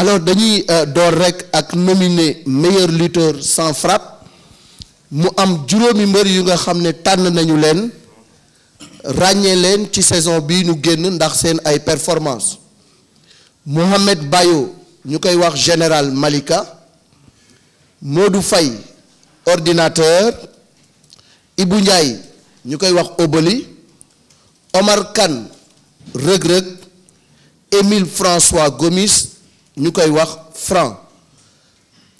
alors Denis euh, Dorek rek nominé meilleur lutteur sans frappe mu am mbeur yu nga xamné nañu saison performance Mohamed Bayo wax général Malika Modou ordinateur Ibou Ndiaye wax Oboli Omar Khan, Reug Émile François Gomis nous koy franc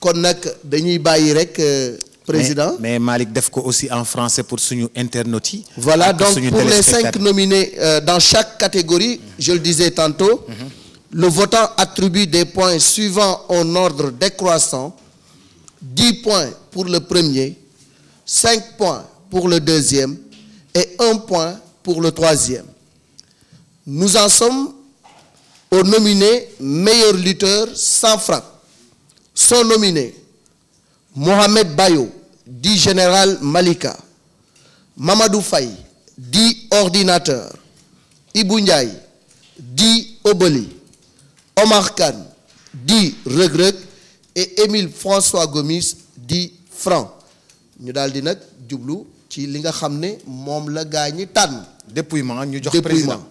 euh, président mais, Malik aussi en français pour son internautes voilà donc pour les cinq nominés euh, dans chaque catégorie. je le disais tantôt. Mm-hmm. le votant attribue des points suivants en ordre décroissant 10 points pour le premier 5 points pour le deuxième et 1 point pour le troisième nous en sommes au nominé meilleur lutteur sans frappe sont nominés Mohamed Bayo, dit général Malika, Mamadou Faye, dit ordinateur, Ibou dit Oboli, Omar Khan, dit Regret et Émile François Gomis, dit Franc. Nous allons dire que nous ci li que nous avons la gaa nous dépouillement président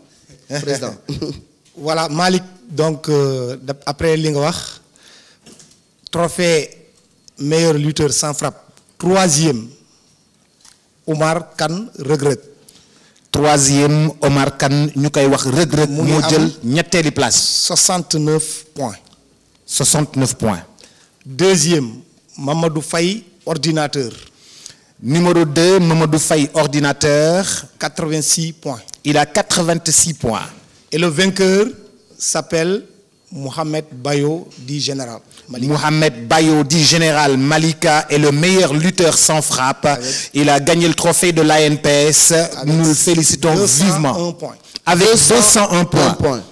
président. voilà Malik, donc euh, après Lingwach, trophée meilleur lutteur sans frappe troisième Omar Khan, regrette troisième Omar Khan, nous wax regrette 69 points 69 points deuxième Mamadou Faye ordinateur numéro 2 Mamadou Faye ordinateur 86 points il a 86 points et le vainqueur s'appelle Mohamed Bayo, dit général. Malika. Mohamed Bayo, dit général Malika, est le meilleur lutteur sans frappe. Il a gagné le trophée de l'ANPS. Nous le félicitons vivement. Avec 201, points.